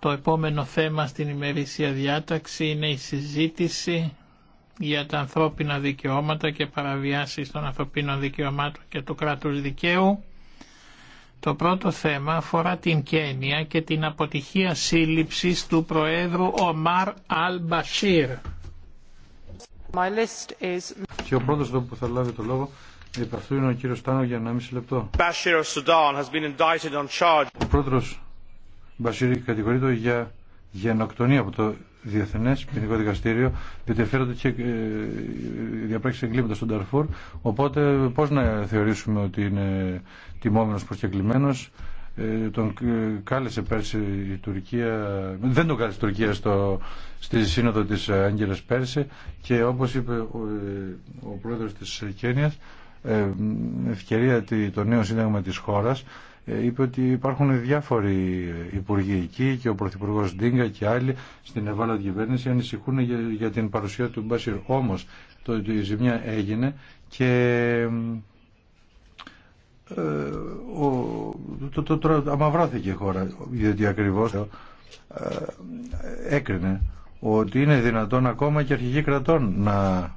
Το επόμενο θέμα στην ημερήσια διάταξη είναι η συζήτηση για τα ανθρώπινα δικαιώματα και παραβιάσεις των ανθρωπίνων δικαιωμάτων και του κράτους δικαίου. Το πρώτο θέμα αφορά την Κένια και την αποτυχία σύλληψης του Προέδρου Ομάρ Αλ Μπασίρ. Και ο πρώτος που θα λάβει το λόγο επ' αυτού είναι ο κύριος Τάνο για 1,5 λεπτό. Ο πρόεδρος Μπασίρη κατηγορείται για γενοκτονία από το Διεθνέ Ποινικό Δικαστήριο, διότι φέρονται και ε, διαπράξει εγκλήματα στον Ταρφούρ. Οπότε, πώ να θεωρήσουμε ότι είναι τιμόμενο προσκεκλημένο. Ε, τον ε, κάλεσε πέρσι η Τουρκία, δεν τον κάλεσε η Τουρκία στο, στη σύνοδο της Άγγελας πέρσι και όπως είπε ο, ο πρόεδρος της Κένιας, ευκαιρία το νέο σύνταγμα της χώρας ε, είπε ότι υπάρχουν διάφοροι υπουργοί εκεί και ο Πρωθυπουργό Ντίγκα και άλλοι στην ευάλωτη κυβέρνηση ανησυχούν για, την παρουσία του Μπάσιρ. Όμω το, η ζημιά έγινε και ε, το, το, το, αμαυρώθηκε η χώρα γιατί ακριβώς ε, έκρινε ότι είναι δυνατόν ακόμα και αρχηγοί κρατών να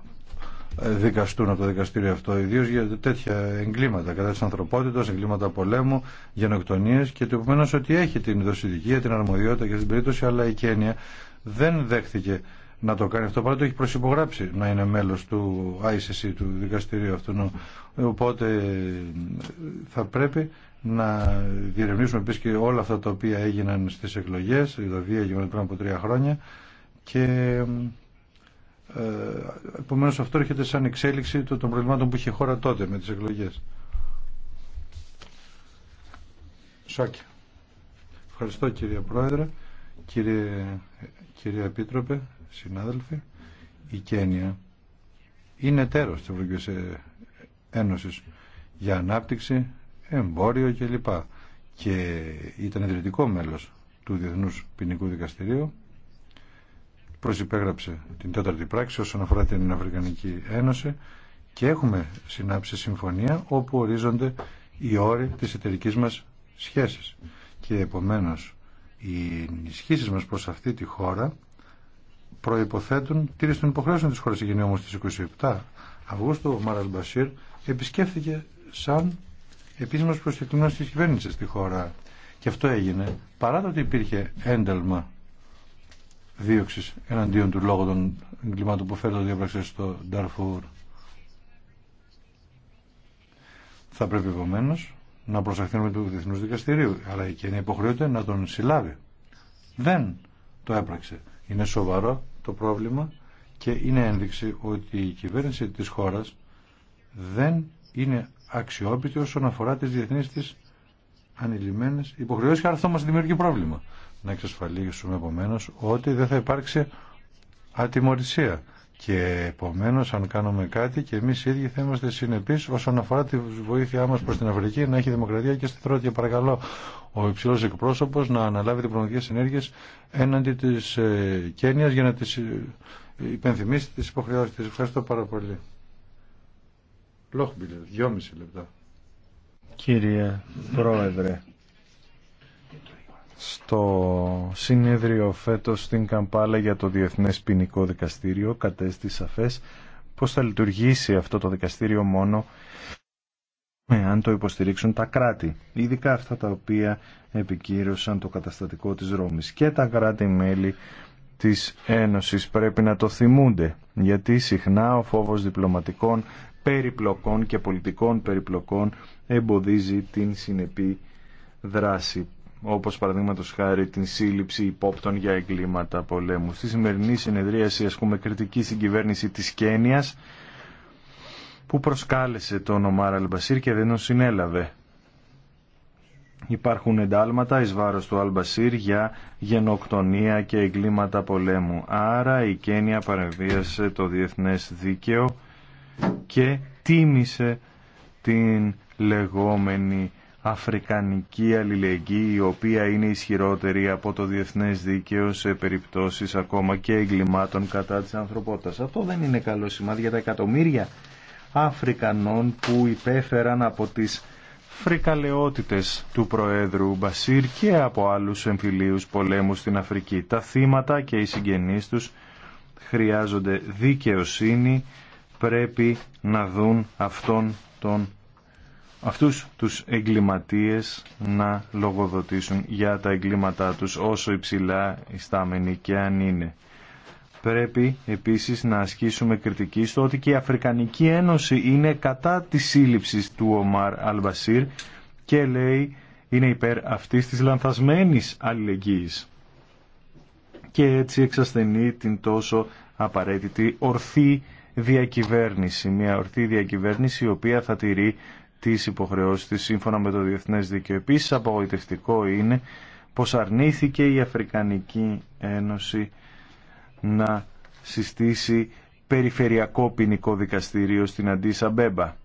δικαστούν από το δικαστήριο αυτό, ιδίω για τέτοια εγκλήματα κατά τη ανθρωπότητα, εγκλήματα πολέμου, γενοκτονίε και το επομένω ότι έχει την δοσηδικία, την αρμοδιότητα και την περίπτωση, αλλά η Κένια δεν δέχθηκε να το κάνει αυτό, παρά το έχει προσυπογράψει να είναι μέλο του ICC, του δικαστηρίου αυτού. Οπότε θα πρέπει να διερευνήσουμε επίση και όλα αυτά τα οποία έγιναν στι εκλογέ, η Δοβία δηλαδή πριν από τρία χρόνια και ε, επομένως αυτό έρχεται σαν εξέλιξη των προβλημάτων που είχε χώρα τότε με τις εκλογές. Σάκη. Ευχαριστώ κύριε Πρόεδρε, κύριε, κύριε Επίτροπε, συνάδελφοι. Η Κένια είναι τέρος τη Ευρωπαϊκής Ένωσης για ανάπτυξη, εμπόριο κλπ. Και ήταν ιδρυτικό μέλος του Διεθνούς Ποινικού Δικαστηρίου προσυπέγραψε την τέταρτη πράξη όσον αφορά την Αφρικανική Ένωση και έχουμε συνάψει συμφωνία όπου ορίζονται οι όροι της εταιρική μας σχέσης. Και επομένως οι ενισχύσει μας προς αυτή τη χώρα προϋποθέτουν τήρηση των υποχρέωσεων της χώρας. Έγινε όμως στις 27 Αυγούστου ο Μάρας Μπασίρ επισκέφθηκε σαν επίσημος προσκεκλημένος της κυβέρνησης στη χώρα. Και αυτό έγινε παρά το ότι υπήρχε ένταλμα Δίωξη εναντίον του λόγου των εγκλημάτων που το διαπραξίες στο Νταρφούρ. Θα πρέπει επομένω να προσαχθούμε του Διεθνού Δικαστηρίου, αλλά η Κένια υποχρεούται να τον συλλάβει. Δεν το έπραξε. Είναι σοβαρό το πρόβλημα και είναι ένδειξη ότι η κυβέρνηση της χώρας δεν είναι αξιόπιτη όσον αφορά τις διεθνείς της ανηλυμένες υποχρεώσεις και αυτό μας δημιουργεί πρόβλημα να εξασφαλίσουμε επομένω ότι δεν θα υπάρξει ατιμορρησία. Και επομένω αν κάνουμε κάτι και εμείς οι ίδιοι θα είμαστε συνεπείς όσον αφορά τη βοήθειά μας προς την Αφρική να έχει δημοκρατία και σταθερότητα. Παρακαλώ ο υψηλό εκπρόσωπο να αναλάβει διπλωματικέ συνέργειας έναντι της ε, για να τι ε, υπενθυμίσει τι υποχρεώσει τη. Ευχαριστώ πάρα πολύ. δυόμιση λεπτά. Κύριε Πρόεδρε, στο συνέδριο φέτος στην Καμπάλα για το Διεθνές Ποινικό Δικαστήριο κατέστη σαφές πώς θα λειτουργήσει αυτό το δικαστήριο μόνο αν το υποστηρίξουν τα κράτη, ειδικά αυτά τα οποία επικύρωσαν το καταστατικό της Ρώμης και τα κράτη-μέλη της Ένωσης πρέπει να το θυμούνται, γιατί συχνά ο φόβος διπλωματικών περιπλοκών και πολιτικών περιπλοκών εμποδίζει την συνεπή δράση όπως παραδείγματο χάρη την σύλληψη υπόπτων για εγκλήματα πολέμου. Στη σημερινή συνεδρίαση ασκούμε κριτική στην κυβέρνηση της Κένιας που προσκάλεσε τον Ομάρα Αλμπασίρ και δεν τον συνέλαβε. Υπάρχουν εντάλματα εις βάρος του Αλμπασίρ για γενοκτονία και εγκλήματα πολέμου. Άρα η Κένια παρεμβίασε το διεθνές δίκαιο και τίμησε την λεγόμενη αφρικανική αλληλεγγύη η οποία είναι ισχυρότερη από το διεθνές δίκαιο σε περιπτώσεις ακόμα και εγκλημάτων κατά της ανθρωπότητας. Αυτό δεν είναι καλό σημάδι για τα εκατομμύρια Αφρικανών που υπέφεραν από τις φρικαλαιότητες του Προέδρου Μπασίρ και από άλλους εμφυλίους πολέμους στην Αφρική. Τα θύματα και οι συγγενείς τους χρειάζονται δικαιοσύνη, πρέπει να δουν αυτόν τον αυτούς τους εγκληματίες να λογοδοτήσουν για τα εγκλήματά τους όσο υψηλά ιστάμενοι και αν είναι. Πρέπει επίσης να ασκήσουμε κριτική στο ότι και η Αφρικανική Ένωση είναι κατά της σύλληψης του Ομάρ Αλμπασίρ και λέει είναι υπέρ αυτής της λανθασμένης αλληλεγγύης και έτσι εξασθενεί την τόσο απαραίτητη ορθή διακυβέρνηση, μια ορθή διακυβέρνηση η οποία θα τηρεί τις υποχρεώσεις της σύμφωνα με το Διεθνές Δίκαιο. Επίση. απογοητευτικό είναι πω αρνήθηκε η Αφρικανική Ένωση να συστήσει περιφερειακό ποινικό δικαστήριο στην Αντίσα Μπέμπα.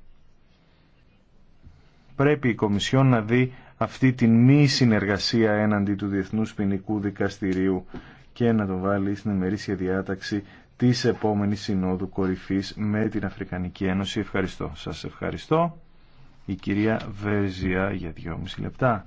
Πρέπει η Κομισιόν να δει αυτή τη μη συνεργασία έναντι του Διεθνούς Ποινικού Δικαστηρίου και να το βάλει στην ημερήσια διάταξη της επόμενης Συνόδου Κορυφής με την Αφρικανική Ένωση. Ευχαριστώ. Σας ευχαριστώ η κυρία Βέζια για 2,5 λεπτά.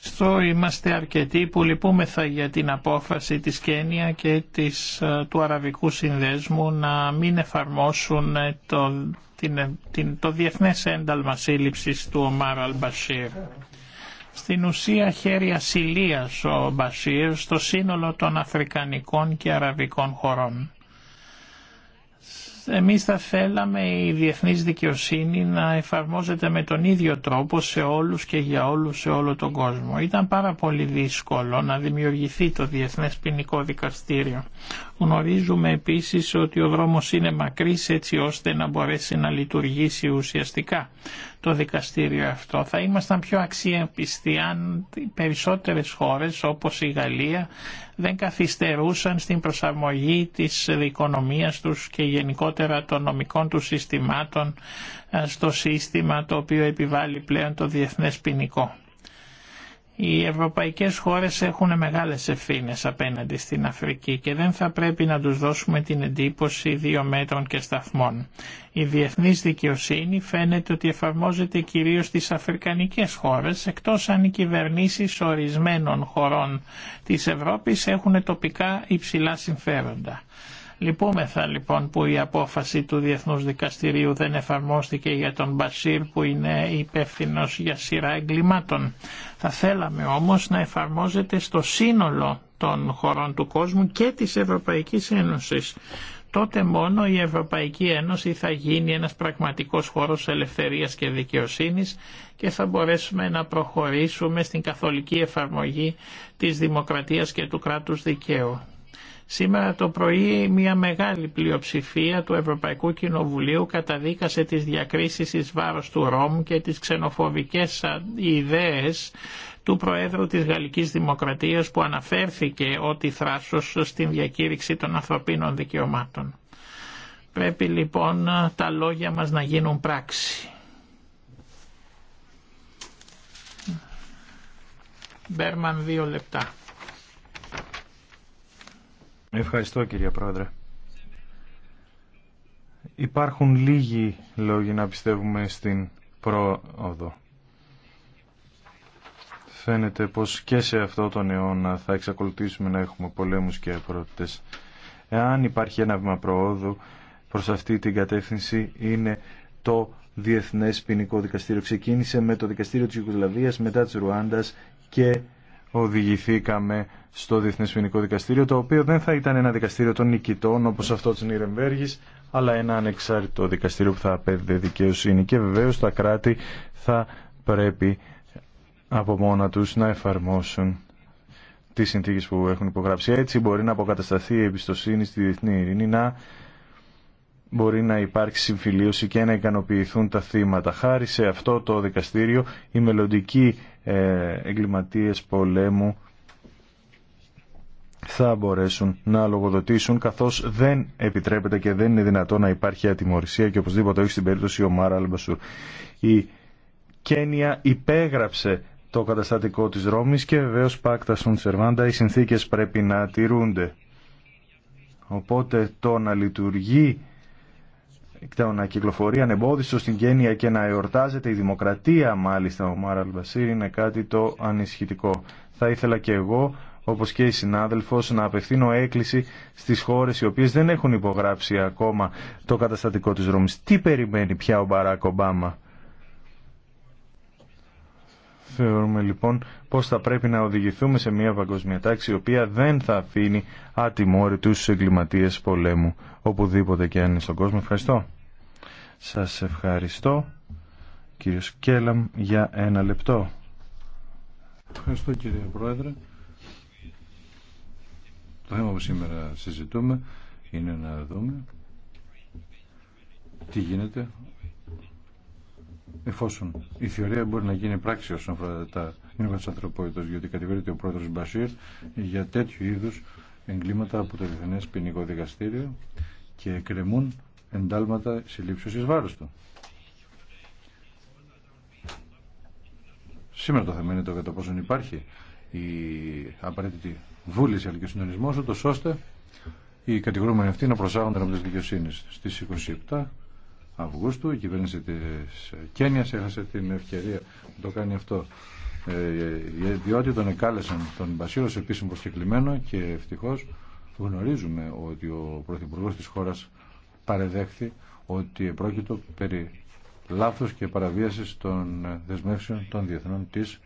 Στο είμαστε αρκετοί που λυπούμεθα για την απόφαση της Κένια και της, ε, του Αραβικού Συνδέσμου να μην εφαρμόσουν ε, το, την, ε, την, το διεθνές ένταλμα σύλληψης του Ομάρ Αλμπασίρ στην ουσία χέρι ασυλίας ο Μπασίρ στο σύνολο των Αφρικανικών και Αραβικών χωρών. Εμείς θα θέλαμε η διεθνής δικαιοσύνη να εφαρμόζεται με τον ίδιο τρόπο σε όλους και για όλους σε όλο τον κόσμο. Ήταν πάρα πολύ δύσκολο να δημιουργηθεί το Διεθνές Ποινικό Δικαστήριο. Γνωρίζουμε επίσης ότι ο δρόμος είναι μακρύς έτσι ώστε να μπορέσει να λειτουργήσει ουσιαστικά το δικαστήριο αυτό. Θα ήμασταν πιο αξιεπιστοί αν περισσότερες χώρες όπως η Γαλλία δεν καθυστερούσαν στην προσαρμογή της οικονομίας τους και γενικότερα γενικότερα των νομικών του συστημάτων ε, στο σύστημα το οποίο επιβάλλει πλέον το διεθνές ποινικό. Οι ευρωπαϊκές χώρες έχουν μεγάλες ευθύνες απέναντι στην Αφρική και δεν θα πρέπει να τους δώσουμε την εντύπωση δύο μέτρων και σταθμών. Η διεθνής δικαιοσύνη φαίνεται ότι εφαρμόζεται κυρίως στις αφρικανικές χώρες, εκτός αν οι κυβερνήσει ορισμένων χωρών της Ευρώπης έχουν τοπικά υψηλά συμφέροντα. Λυπούμεθα λοιπόν που η απόφαση του Διεθνούς Δικαστηρίου δεν εφαρμόστηκε για τον Μπασίρ που είναι υπεύθυνο για σειρά εγκλημάτων. Θα θέλαμε όμως να εφαρμόζεται στο σύνολο των χωρών του κόσμου και της Ευρωπαϊκής Ένωσης. Τότε μόνο η Ευρωπαϊκή Ένωση θα γίνει ένας πραγματικός χώρος ελευθερίας και δικαιοσύνης και θα μπορέσουμε να προχωρήσουμε στην καθολική εφαρμογή της δημοκρατίας και του κράτους δικαίου. Σήμερα το πρωί μια μεγάλη πλειοψηφία του Ευρωπαϊκού Κοινοβουλίου καταδίκασε τις διακρίσεις εις βάρος του Ρομ και τις ξενοφοβικές ιδέες του Προέδρου της Γαλλικής Δημοκρατίας που αναφέρθηκε ότι θράσος στην διακήρυξη των ανθρωπίνων δικαιωμάτων. Πρέπει λοιπόν τα λόγια μας να γίνουν πράξη. Μπέρμαν δύο λεπτά. Ευχαριστώ κύριε Πρόεδρε. Υπάρχουν λίγοι λόγοι να πιστεύουμε στην πρόοδο. Φαίνεται πως και σε αυτό τον αιώνα θα εξακολουθήσουμε να έχουμε πολέμους και απρότητες. Εάν υπάρχει ένα βήμα προόδου προς αυτή την κατεύθυνση είναι το Διεθνές Ποινικό Δικαστήριο. Ξεκίνησε με το Δικαστήριο της Ιουγκοσλαβίας, μετά της Ρουάντας και οδηγηθήκαμε στο Διεθνές Ποινικό Δικαστήριο, το οποίο δεν θα ήταν ένα δικαστήριο των νικητών όπως αυτό της Νιρεμβέργης, αλλά ένα ανεξάρτητο δικαστήριο που θα απέδιδε δικαιοσύνη και βεβαίως τα κράτη θα πρέπει από μόνα τους να εφαρμόσουν τις συνθήκες που έχουν υπογράψει. Έτσι μπορεί να αποκατασταθεί η εμπιστοσύνη στη διεθνή ειρήνη, να μπορεί να υπάρξει συμφιλίωση και να ικανοποιηθούν τα θύματα. Χάρη σε αυτό το δικαστήριο οι μελλοντικοί ε, εγκληματίες πολέμου θα μπορέσουν να λογοδοτήσουν καθώς δεν επιτρέπεται και δεν είναι δυνατό να υπάρχει ατιμορρησία και οπωσδήποτε όχι στην περίπτωση ο Μάρα Αλμπασούρ. Η Κένια υπέγραψε το καταστατικό της Ρώμης και βεβαίως πάκτα στον Σερβάντα οι συνθήκες πρέπει να τηρούνται. Οπότε το να λειτουργεί να κυκλοφορεί ανεμπόδιστο στην Κένια και να εορτάζεται η δημοκρατία μάλιστα ο Μάραλ Αλμπασίρ είναι κάτι το ανησυχητικό. Θα ήθελα και εγώ όπως και η συνάδελφος να απευθύνω έκκληση στις χώρες οι οποίες δεν έχουν υπογράψει ακόμα το καταστατικό της Ρώμης. Τι περιμένει πια ο Μπαράκ Ομπάμα. Θεωρούμε λοιπόν πως θα πρέπει να οδηγηθούμε σε μια παγκοσμία τάξη η οποία δεν θα αφήνει ατιμόρυτους εγκληματίες πολέμου οπουδήποτε και αν είναι στον κόσμο. Ευχαριστώ. Σας ευχαριστώ. Κύριος Κέλαμ για ένα λεπτό. Ευχαριστώ κύριε Πρόεδρε. Το θέμα που σήμερα συζητούμε είναι να δούμε τι γίνεται εφόσον η θεωρία μπορεί να γίνει πράξη όσον αφορά τα νύχτα της ανθρωπότητας διότι κατηγορείται ο πρόεδρος Μπασίρ για τέτοιου είδους εγκλήματα από το Διεθνές Ποινικό Δικαστήριο και κρεμούν εντάλματα συλλήψεως εις βάρος του. Σήμερα το θέμα είναι το κατά πόσον υπάρχει η απαραίτητη βούληση αλλά και ο συντονισμό, ούτω ώστε οι κατηγορούμενοι αυτοί να προσάγονται από τις δικαιοσύνη. Στι 27 Αυγούστου η κυβέρνηση τη Κένια έχασε την ευκαιρία να το κάνει αυτό. Ε, ε, ε διότι τον εκάλεσαν τον Μπασίρο σε επίσημο προσκεκλημένο και ευτυχώ γνωρίζουμε ότι ο πρωθυπουργό τη χώρα παρεδέχθη ότι πρόκειτο περί λάθος και παραβίασης των δεσμεύσεων των διεθνών της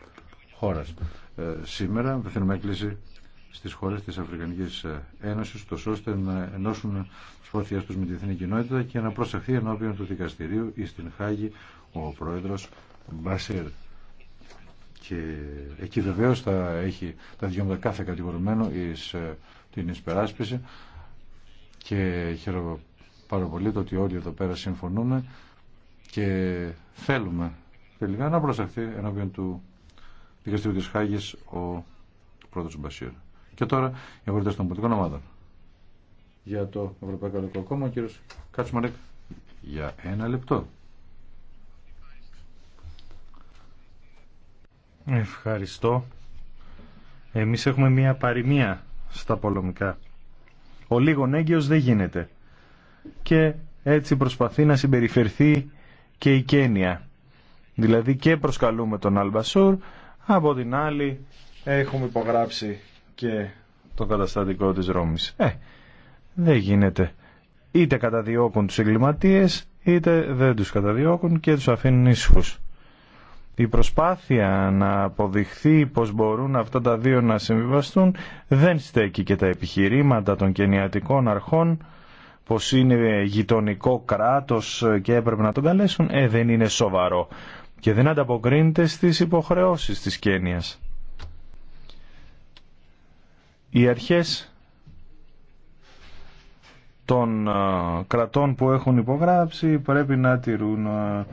χώρας. Ε, σήμερα θέλουμε έκκληση στις χώρες της Αφρικανικής ε, Ένωσης τόσο ώστε να ενώσουν τις πρόθειές τους με τη διεθνή κοινότητα και να προσεχθεί ενώπιον του δικαστηρίου ή στην Χάγη ο πρόεδρος Μπάσερ. Και εκεί βεβαίω θα έχει τα δύο κάθε κατηγορουμένο εις, ε, την εισπεράσπιση και χαιρόμαστε πάρα πολύ το ότι όλοι εδώ πέρα συμφωνούμε και θέλουμε τελικά να προσαχθεί ενώπιον του δικαστήριου της Χάγης ο πρώτος Μπασίρ. Και τώρα οι αγορητές των πολιτικών ομάδων. Για το Ευρωπαϊκό Λαϊκό Κόμμα, ο κύριος Κάτσμαρεκ, για ένα λεπτό. Ευχαριστώ. Εμείς έχουμε μία παροιμία στα πολομικά. Ο λίγον έγκυος δεν γίνεται και έτσι προσπαθεί να συμπεριφερθεί και η Κένια. Δηλαδή και προσκαλούμε τον Αλμπασούρ, από την άλλη έχουμε υπογράψει και το καταστατικό της Ρώμης. Ε, δεν γίνεται. Είτε καταδιώκουν τους εγκληματίες, είτε δεν τους καταδιώκουν και τους αφήνουν ήσυχους. Η προσπάθεια να αποδειχθεί πως μπορούν αυτά τα δύο να συμβιβαστούν δεν στέκει και τα επιχειρήματα των κενιατικών αρχών πως είναι γειτονικό κράτος και έπρεπε να τον καλέσουν, ε, δεν είναι σοβαρό και δεν ανταποκρίνεται στις υποχρεώσεις της Κένιας. Οι αρχές των ε, κρατών που έχουν υπογράψει πρέπει να τηρούν ε,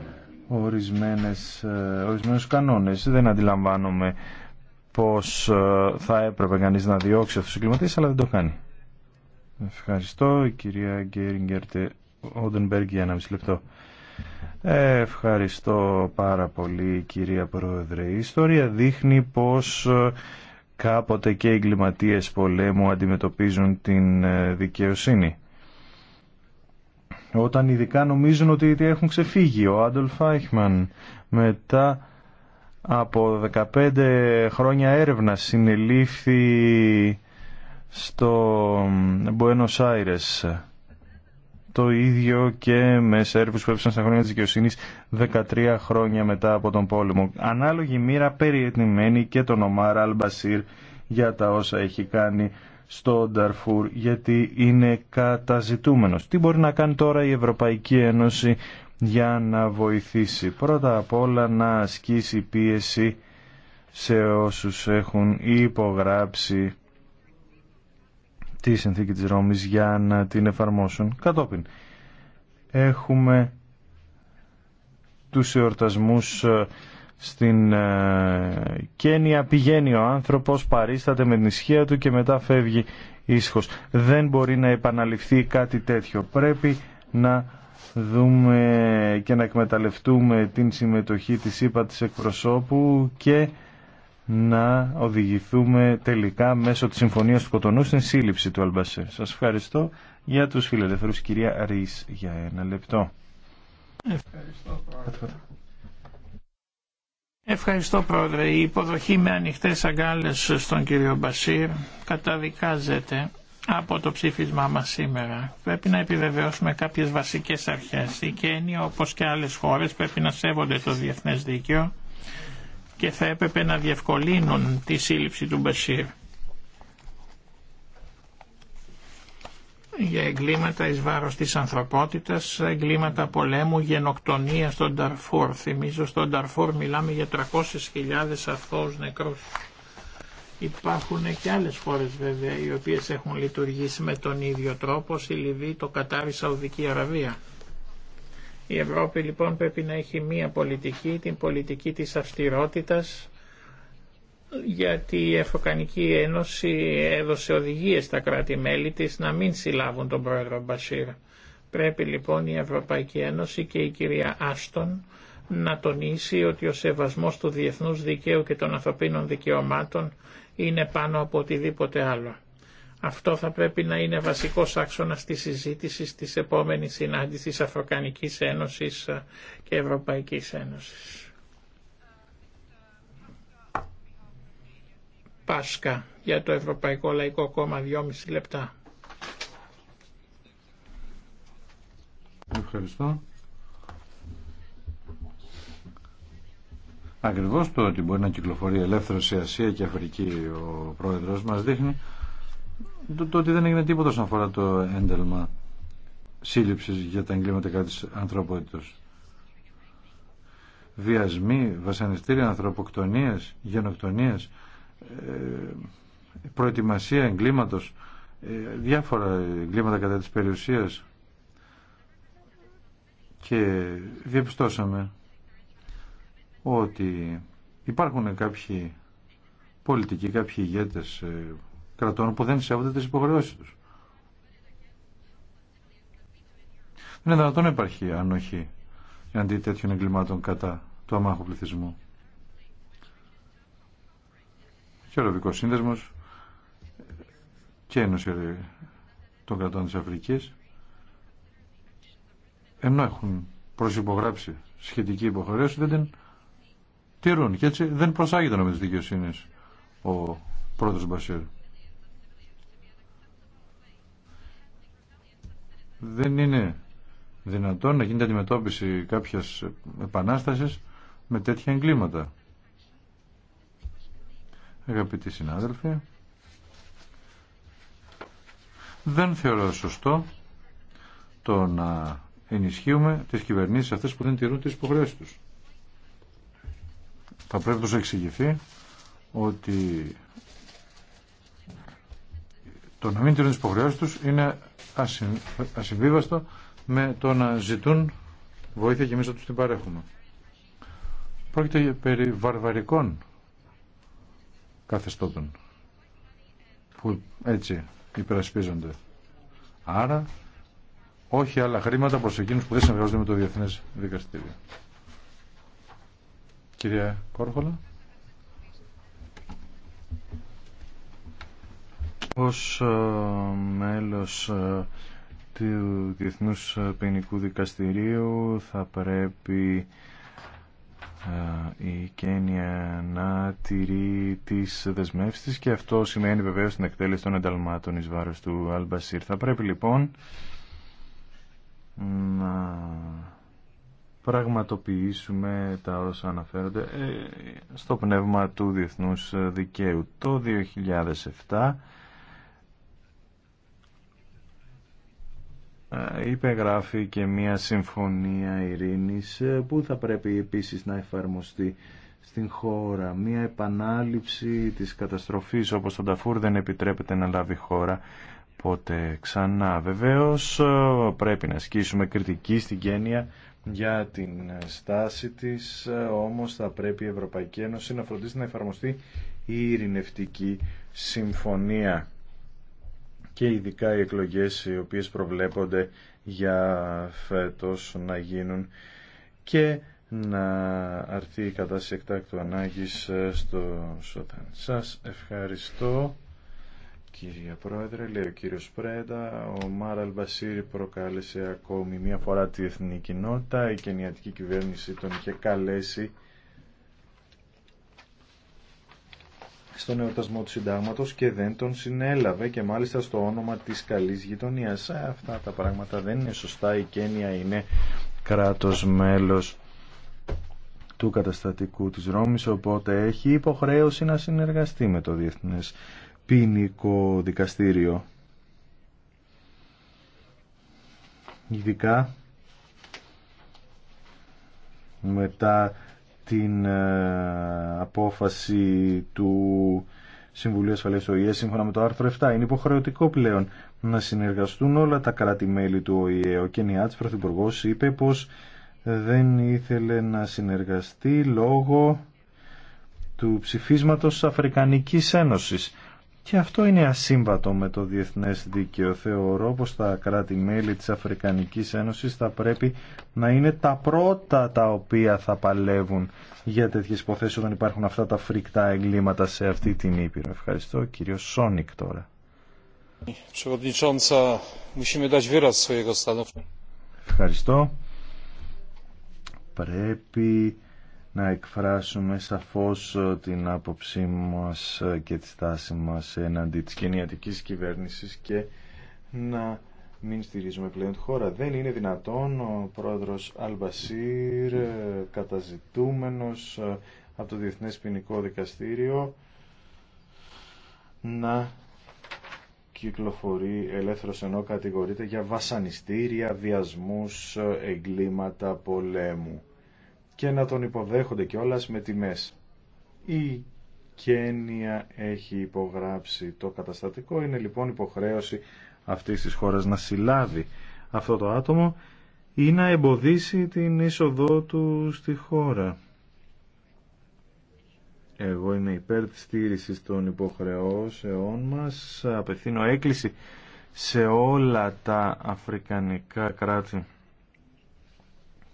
ορισμένες, ε, ορισμένους κανόνες. Δεν αντιλαμβάνομαι πως θα έπρεπε κανείς να διώξει αυτούς τους κλιματίες, αλλά δεν το κάνει. Ευχαριστώ. κυρία Γκέριγκερτε Οντενμπέργκ για ένα μισή λεπτό. Ε, ευχαριστώ πάρα πολύ κυρία Πρόεδρε. Η ιστορία δείχνει πως ε, κάποτε και οι εγκληματίες πολέμου αντιμετωπίζουν την ε, δικαιοσύνη. Όταν ειδικά νομίζουν ότι έχουν ξεφύγει ο Άντολφ Φάιχμαν, μετά από 15 χρόνια έρευνα συνελήφθη στο Buenos Aires. Το ίδιο και με Σέρβους που έφυγαν στα χρόνια της δικαιοσύνης 13 χρόνια μετά από τον πόλεμο. Ανάλογη μοίρα περιετνημένη και τον Ομάρα Αλμπασίρ για τα όσα έχει κάνει στο Νταρφούρ γιατί είναι καταζητούμενος. Τι μπορεί να κάνει τώρα η Ευρωπαϊκή Ένωση για να βοηθήσει. Πρώτα απ' όλα να ασκήσει πίεση σε όσους έχουν υπογράψει τη συνθήκη της Ρώμης για να την εφαρμόσουν κατόπιν. Έχουμε τους εορτασμούς ε, στην ε, Κένια πηγαίνει ο άνθρωπος, παρίσταται με την ισχύα του και μετά φεύγει ίσχος. Δεν μπορεί να επαναληφθεί κάτι τέτοιο. Πρέπει να δούμε και να εκμεταλλευτούμε την συμμετοχή της ΥΠΑ της εκπροσώπου και να οδηγηθούμε τελικά μέσω της Συμφωνίας του Κοτονού στην σύλληψη του Αλμπασέ. Σας ευχαριστώ για τους φιλελεύθερους. Κυρία Ρίς, για ένα λεπτό. Ευχαριστώ, Πρόεδρε. Η υποδοχή με ανοιχτές αγκάλες στον κύριο Μπασίρ καταδικάζεται από το ψήφισμά μας σήμερα. Πρέπει να επιβεβαιώσουμε κάποιες βασικές αρχές. Η Κένια, όπως και άλλες χώρες, πρέπει να σέβονται το διεθνές δίκαιο και θα έπρεπε να διευκολύνουν τη σύλληψη του Μπασίρ για εγκλήματα εις βάρος της ανθρωπότητας, εγκλήματα πολέμου, γενοκτονία στον Ταρφούρ. Θυμίζω στον Ταρφούρ μιλάμε για 300.000 αθώους νεκρούς. Υπάρχουν και άλλες χώρες βέβαια οι οποίες έχουν λειτουργήσει με τον ίδιο τρόπο, στη Λιβύη, το Κατάρι, Σαουδική Αραβία. Η Ευρώπη λοιπόν πρέπει να έχει μία πολιτική, την πολιτική της αυστηρότητας, γιατί η Αφροκανική Ένωση έδωσε οδηγίες στα κράτη-μέλη της να μην συλλάβουν τον πρόεδρο Μπασίρ. Πρέπει λοιπόν η Ευρωπαϊκή Ένωση και η κυρία Άστον να τονίσει ότι ο σεβασμός του διεθνούς δικαίου και των ανθρωπίνων δικαιωμάτων είναι πάνω από οτιδήποτε άλλο. Αυτό θα πρέπει να είναι βασικός άξονας της συζήτησης της επόμενης συνάντησης Αφροκανικής Ένωσης ε, και Ευρωπαϊκής Ένωσης. Πάσκα για το Ευρωπαϊκό Λαϊκό Κόμμα, 2,5 λεπτά. Ευχαριστώ. Ακριβώς το ότι μπορεί να κυκλοφορεί ελεύθερο σε Ασία και Αφρική ο πρόεδρος μας δείχνει το, το ότι δεν έγινε τίποτα όσον αφορά το ένταλμα σύλληψης για τα εγκλήματα κατά τη ανθρωπότητας. Βιασμοί, βασανιστήρια, γενοκτονίε, γενοκτονίες, ε, προετοιμασία εγκλήματος, ε, διάφορα εγκλήματα κατά τη περιουσίας και διαπιστώσαμε ότι υπάρχουν κάποιοι πολιτικοί, κάποιοι ηγέτες ε, κρατών που δεν σέβονται τις υποχρεώσεις τους. Δεν είναι δυνατόν να υπάρχει ανοχή αντί τέτοιων εγκλημάτων κατά του αμάχου πληθυσμού. Και ο Ρωβικός Σύνδεσμος και Ένωση των κρατών της Αφρικής ενώ έχουν προσυπογράψει σχετική υποχρεώση δεν την τηρούν και έτσι δεν προσάγει το νόμο της δικαιοσύνης ο πρόεδρος Μπασίρ. δεν είναι δυνατόν να γίνεται αντιμετώπιση κάποιας επανάστασης με τέτοια εγκλήματα. Αγαπητοί συνάδελφοι, δεν θεωρώ σωστό το να ενισχύουμε τις κυβερνήσεις αυτές που δεν τηρούν τις υποχρεώσεις τους. Θα πρέπει να εξηγηθεί ότι το να μην τηρούν τις υποχρεώσεις τους είναι ασυμβίβαστο με το να ζητούν βοήθεια και εμείς να τους την παρέχουμε. Πρόκειται περί βαρβαρικών καθεστώτων που έτσι υπερασπίζονται. Άρα όχι άλλα χρήματα προς εκείνους που δεν συνεργάζονται με το Διεθνές Δικαστήριο. Κυρία Κόρχολα. Ως ε, μέλος ε, του Διεθνούς Ποινικού Δικαστηρίου θα πρέπει ε, η Κένια να τηρεί τις δεσμεύσεις και αυτό σημαίνει βεβαίως την εκτέλεση των ενταλμάτων εις βάρος του Αλμπασίρ. Θα πρέπει λοιπόν να πραγματοποιήσουμε τα όσα αναφέρονται στο πνεύμα του διεθνούς δικαίου. Το 2007 υπεγράφει και μια συμφωνία ειρήνης ε, που θα πρέπει επίσης να εφαρμοστεί στην χώρα. Μια επανάληψη της καταστροφής όπως τον Ταφούρ δεν επιτρέπεται να λάβει χώρα ποτέ ξανά. Βεβαίως ε, πρέπει να ασκήσουμε κριτική στην Κένια για την στάση της, ε, όμως θα πρέπει η Ευρωπαϊκή Ένωση να φροντίσει να εφαρμοστεί η ειρηνευτική συμφωνία και ειδικά οι εκλογές οι οποίες προβλέπονται για φέτος να γίνουν και να αρθεί η κατάσταση εκτάκτου ανάγκης ε, στο σόταν. Σας ευχαριστώ κύριε Πρόεδρε, λέει ο κύριος Πρέντα. Ο Μάραλ Μπασίρη προκάλεσε ακόμη μία φορά τη εθνική κοινότητα. Η κενιατική κυβέρνηση τον είχε καλέσει στον εορτασμό του συντάγματο και δεν τον συνέλαβε και μάλιστα στο όνομα της καλής γειτονία. Ε, αυτά τα πράγματα δεν είναι σωστά. Η Κένια είναι κράτος μέλος του καταστατικού της Ρώμης, οπότε έχει υποχρέωση να συνεργαστεί με το Διεθνές Ποινικό Δικαστήριο. Ειδικά μετά την ε, απόφαση του Συμβουλίου Ασφαλείας του ΟΗΕ σύμφωνα με το άρθρο 7. Είναι υποχρεωτικό πλέον να συνεργαστούν όλα τα κράτη-μέλη του ΟΗΕ. Ο Κενιάτς Πρωθυπουργός είπε πως δεν ήθελε να συνεργαστεί λόγω του ψηφίσματος Αφρικανικής Ένωσης. Και αυτό είναι ασύμβατο με το διεθνές δίκαιο. Θεωρώ πως τα κράτη-μέλη της Αφρικανικής Ένωσης θα πρέπει να είναι τα πρώτα τα οποία θα παλεύουν για τέτοιες υποθέσεις όταν υπάρχουν αυτά τα φρικτά εγκλήματα σε αυτή την Ήπειρο. Ευχαριστώ κύριο Σόνικ τώρα. Ευχαριστώ. Πρέπει να εκφράσουμε σαφώς ε, την άποψή μας ε, και τη στάση μας εναντί της κενιατικής κυβέρνησης και να μην στηρίζουμε πλέον τη χώρα. Δεν είναι δυνατόν ο πρόεδρος Αλμπασίρ ε, καταζητούμενος από το Διεθνές Ποινικό Δικαστήριο να κυκλοφορεί ελεύθερος ενώ κατηγορείται για βασανιστήρια, βιασμούς, εγκλήματα πολέμου και να τον υποδέχονται κιόλας με τιμές. Η Κένια έχει υπογράψει το καταστατικό, είναι λοιπόν υποχρέωση αυτής της χώρας να συλλάβει αυτό το άτομο ή να εμποδίσει την είσοδό του στη χώρα. Εγώ είμαι υπέρ της στήρησης των υποχρεώσεών μας. Απευθύνω έκκληση σε όλα τα αφρικανικά κράτη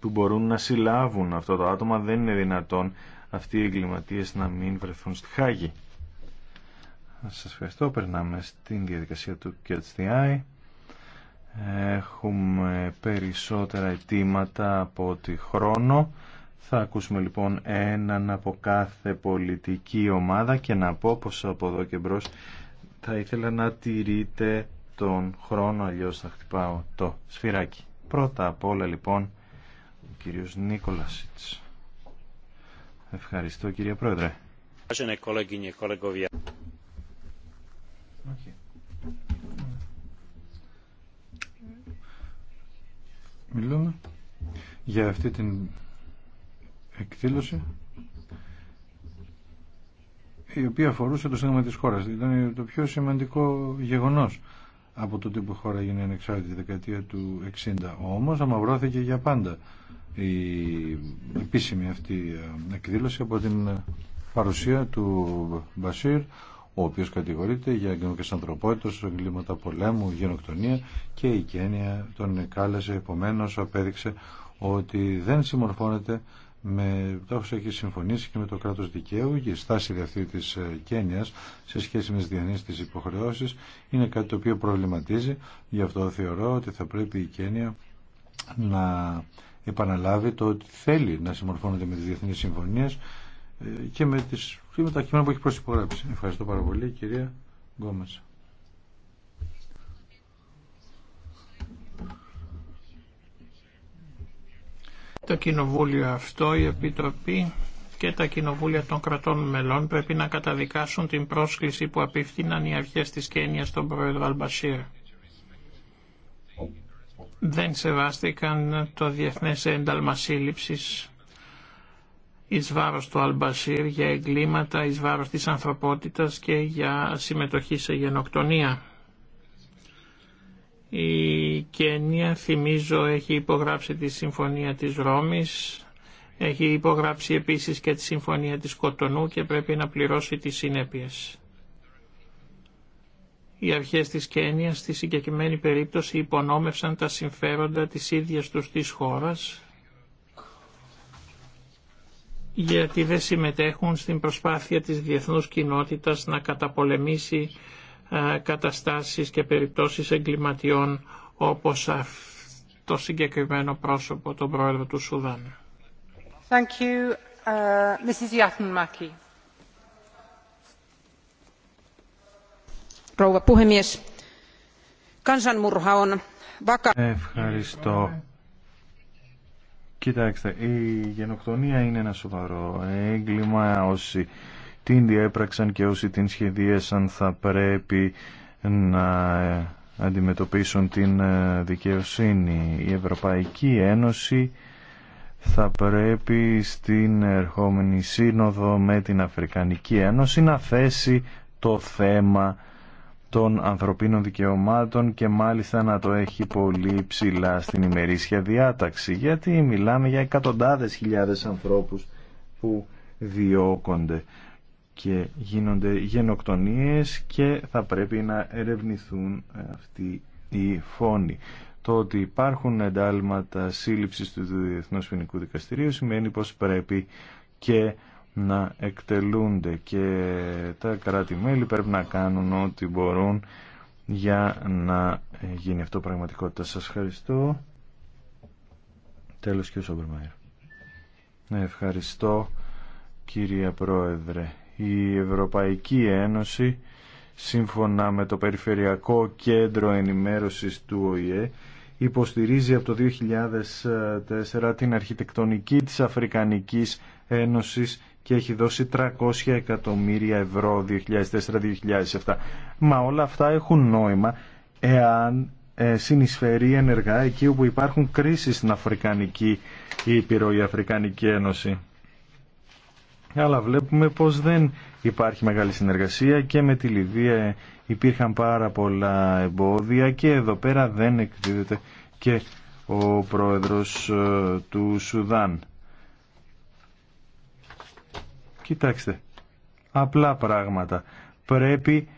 που μπορούν να συλλάβουν αυτό το άτομα. Δεν είναι δυνατόν αυτοί οι εγκληματίες να μην βρεθούν στη Χάγη. Σας ευχαριστώ. Περνάμε στην διαδικασία του KTI. Έχουμε περισσότερα αιτήματα από τη χρόνο. Θα ακούσουμε λοιπόν έναν από κάθε πολιτική ομάδα και να πω πως από εδώ και μπρος θα ήθελα να τηρείτε τον χρόνο αλλιώς θα χτυπάω το σφυράκι. Πρώτα απ' όλα λοιπόν ο κύριος Νίκολασιτς. Ευχαριστώ κύριε Πρόεδρε. Μιλούμε για αυτή την εκδήλωση η οποία αφορούσε το σύνταγμα της χώρας. Ήταν το πιο σημαντικό γεγονός από τότε που η χώρα έγινε ανεξάρτητη δεκαετία του 60. Όμως αμαυρώθηκε για πάντα η επίσημη αυτή ε, εκδήλωση από την παρουσία του Μπασίρ ο οποίος κατηγορείται για εγκληματικές ανθρωπότητες, εγκλήματα πολέμου, γενοκτονία και η Κένια τον κάλεσε επομένως απέδειξε ότι δεν συμμορφώνεται με το όσο έχει συμφωνήσει και με το κράτος δικαίου και η στάση αυτή της ε, Κένιας σε σχέση με τις διανύσεις της υποχρεώσεις είναι κάτι το οποίο προβληματίζει γι' αυτό θεωρώ ότι θα πρέπει η Κένια να επαναλάβει το ότι θέλει να συμμορφώνεται με τις διεθνείς συμφωνίες ε, και με, τις, με τα κείμενα που έχει προσυπογράψει. Ευχαριστώ πάρα πολύ κυρία Γκόμεσα. Το κοινοβούλιο αυτό, η Επιτροπή και τα κοινοβούλια των κρατών μελών πρέπει να καταδικάσουν την πρόσκληση που απευθύναν οι αρχές της Κένια στον πρόεδρο Αλμπασίρ. Δεν σεβάστηκαν το διεθνές ένταλμα σύλληψης εις βάρος του Αλμπασίρ για εγκλήματα εις βάρος της ανθρωπότητας και για συμμετοχή σε γενοκτονία. Η Κένια, θυμίζω, έχει υπογράψει τη Συμφωνία της Ρώμης, έχει υπογράψει επίσης και τη Συμφωνία της Κοτονού και πρέπει να πληρώσει τις συνέπειες. Οι αρχές της Κένιας στη συγκεκριμένη περίπτωση υπονόμευσαν τα συμφέροντα της ίδιας τους της χώρας γιατί δεν συμμετέχουν στην προσπάθεια της διεθνούς κοινότητας να καταπολεμήσει ε, καταστάσεις και περιπτώσεις εγκληματιών όπως το συγκεκριμένο πρόσωπο, τον πρόεδρο του Σουδάν. Ε, Ευχαριστώ. Κοιτάξτε, η γενοκτονία είναι ένα σοβαρό έγκλημα. Όσοι την διέπραξαν και όσοι την σχεδίασαν θα πρέπει να ε, αντιμετωπίσουν την ε, δικαιοσύνη. Η Ευρωπαϊκή Ένωση θα πρέπει στην ερχόμενη σύνοδο με την Αφρικανική Ένωση να θέσει το θέμα των ανθρωπίνων δικαιωμάτων και μάλιστα να το έχει πολύ ψηλά στην ημερήσια διάταξη γιατί μιλάμε για εκατοντάδες χιλιάδες ανθρώπους που διώκονται και γίνονται γενοκτονίες και θα πρέπει να ερευνηθούν ε, αυτοί οι φόνοι. Το ότι υπάρχουν εντάλματα σύλληψης του Διεθνούς Ποινικού Δικαστηρίου σημαίνει πως πρέπει και να εκτελούνται και τα κράτη-μέλη πρέπει να κάνουν ό,τι μπορούν για να ε, γίνει αυτό πραγματικότητα. Σας ευχαριστώ. Τέλος και ο Σόμπερμαϊρ. Ναι, ευχαριστώ κυρία Πρόεδρε η Ευρωπαϊκή Ένωση σύμφωνα με το Περιφερειακό Κέντρο Ενημέρωσης του ΟΗΕ υποστηρίζει από το 2004 την αρχιτεκτονική της Αφρικανικής Ένωσης και έχει δώσει 300 εκατομμύρια ευρώ 2004-2007. Μα όλα αυτά έχουν νόημα εάν ε, συνεισφέρει ενεργά εκεί όπου υπάρχουν κρίσεις στην Αφρικανική Ήπειρο, η Αφρικανική Ένωση αλλά βλέπουμε πως δεν υπάρχει μεγάλη συνεργασία και με τη Λιβύη υπήρχαν πάρα πολλά εμπόδια και εδώ πέρα δεν εκδίδεται και ο πρόεδρος ε, του Σουδάν. Κοιτάξτε, απλά πράγματα. Πρέπει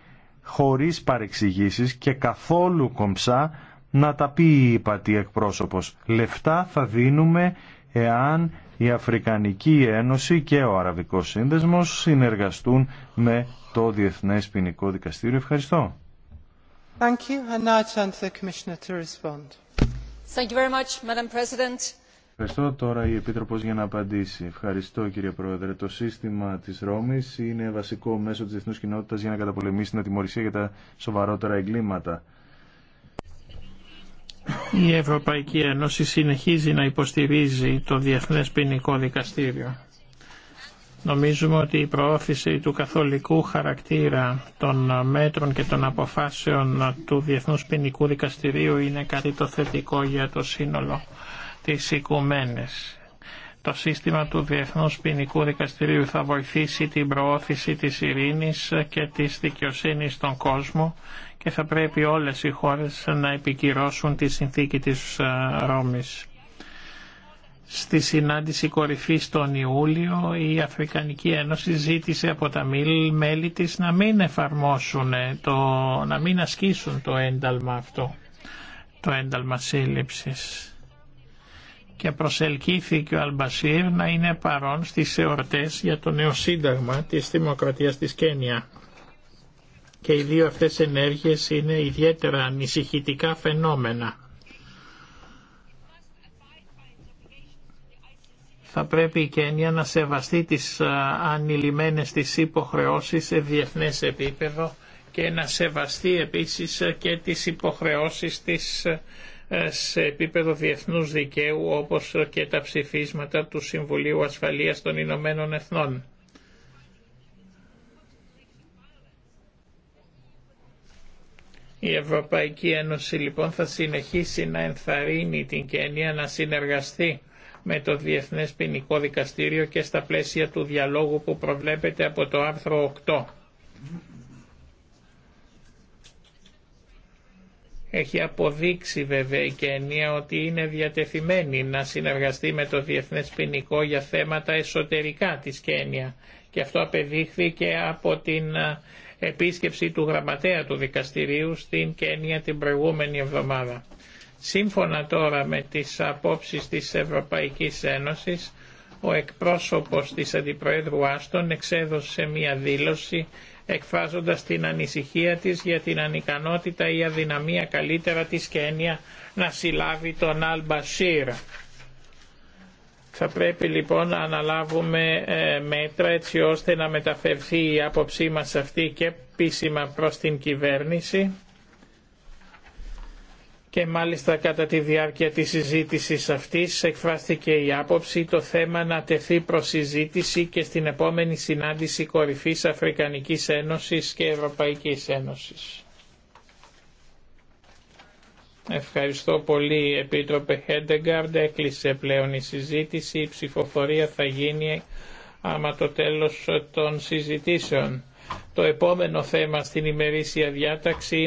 χωρίς παρεξηγήσεις και καθόλου κομψά να τα πει η πατή εκπρόσωπος. Λεφτά θα δίνουμε εάν η Αφρικανική Ένωση και ο Αραβικός Σύνδεσμος συνεργαστούν με το Διεθνές Ποινικό Δικαστήριο. Ευχαριστώ. Thank you. the Commissioner Thank you very much, Madam President. Ευχαριστώ τώρα η Επίτροπος για να απαντήσει. Ευχαριστώ κύριε Πρόεδρε. Το σύστημα της Ρώμης είναι βασικό μέσο της διεθνούς κοινότητας για να καταπολεμήσει την ατιμορρησία για τα σοβαρότερα εγκλήματα. Η Ευρωπαϊκή Ένωση συνεχίζει να υποστηρίζει το Διεθνές Ποινικό Δικαστήριο. Νομίζουμε ότι η προώθηση του καθολικού χαρακτήρα των μέτρων και των αποφάσεων του Διεθνούς Ποινικού Δικαστηρίου είναι κάτι το θετικό για το σύνολο της οικουμένης. Το σύστημα του Διεθνούς Ποινικού Δικαστηρίου θα βοηθήσει την προώθηση της ειρήνης και της δικαιοσύνης στον κόσμο και θα πρέπει όλες οι χώρες να επικυρώσουν τη συνθήκη της ε, Ρώμης. Στη συνάντηση κορυφής τον Ιούλιο η Αφρικανική Ένωση ζήτησε από τα μέλη της να μην εφαρμόσουν, το, να μην ασκήσουν το ένταλμα αυτό, το ένταλμα σύλληψης. Και προσελκύθηκε ο Αλμπασίρ να είναι παρόν στις εορτές για το νέο σύνταγμα της Δημοκρατίας της Κένια και οι δύο αυτές ενέργειες είναι ιδιαίτερα ανησυχητικά φαινόμενα. Θα πρέπει η Κένια να σεβαστεί τις ανηλυμένες της υποχρεώσεις σε διεθνές επίπεδο και να σεβαστεί επίσης και τις υποχρεώσεις της σε επίπεδο διεθνούς δικαίου όπως και τα ψηφίσματα του Συμβουλίου Ασφαλείας των Ηνωμένων Εθνών. Η Ευρωπαϊκή Ένωση λοιπόν θα συνεχίσει να ενθαρρύνει την Κένια να συνεργαστεί με το Διεθνές Ποινικό Δικαστήριο και στα πλαίσια του διαλόγου που προβλέπεται από το άρθρο 8. Έχει αποδείξει βέβαια η Κένια ότι είναι διατεθειμένη να συνεργαστεί με το Διεθνές Ποινικό για θέματα εσωτερικά της Κένια και αυτό απεδείχθηκε από την επίσκεψη του γραμματέα του δικαστηρίου στην Κένια την προηγούμενη εβδομάδα. Σύμφωνα τώρα με τις απόψεις της Ευρωπαϊκής Ένωσης, ο εκπρόσωπος της Αντιπροέδρου Άστον εξέδωσε μία δήλωση εκφράζοντας την ανησυχία της για την ανικανότητα ή αδυναμία καλύτερα της Κένια να συλλάβει τον Αλμπασίρ. Θα πρέπει λοιπόν να αναλάβουμε ε, μέτρα έτσι ώστε να μεταφερθεί η άποψή μας αυτή και πίσημα προς την κυβέρνηση και μάλιστα κατά τη διάρκεια της συζήτησης αυτής εκφράστηκε η άποψη το θέμα να τεθεί προς συζήτηση και στην επόμενη συνάντηση κορυφής Αφρικανικής Ένωσης και Ευρωπαϊκής Ένωσης. Ευχαριστώ πολύ Επίτροπε Χέντεγκαρντ. Έκλεισε πλέον η συζήτηση. Η ψηφοφορία θα γίνει άμα το τέλος των συζητήσεων. Το επόμενο θέμα στην ημερήσια διάταξη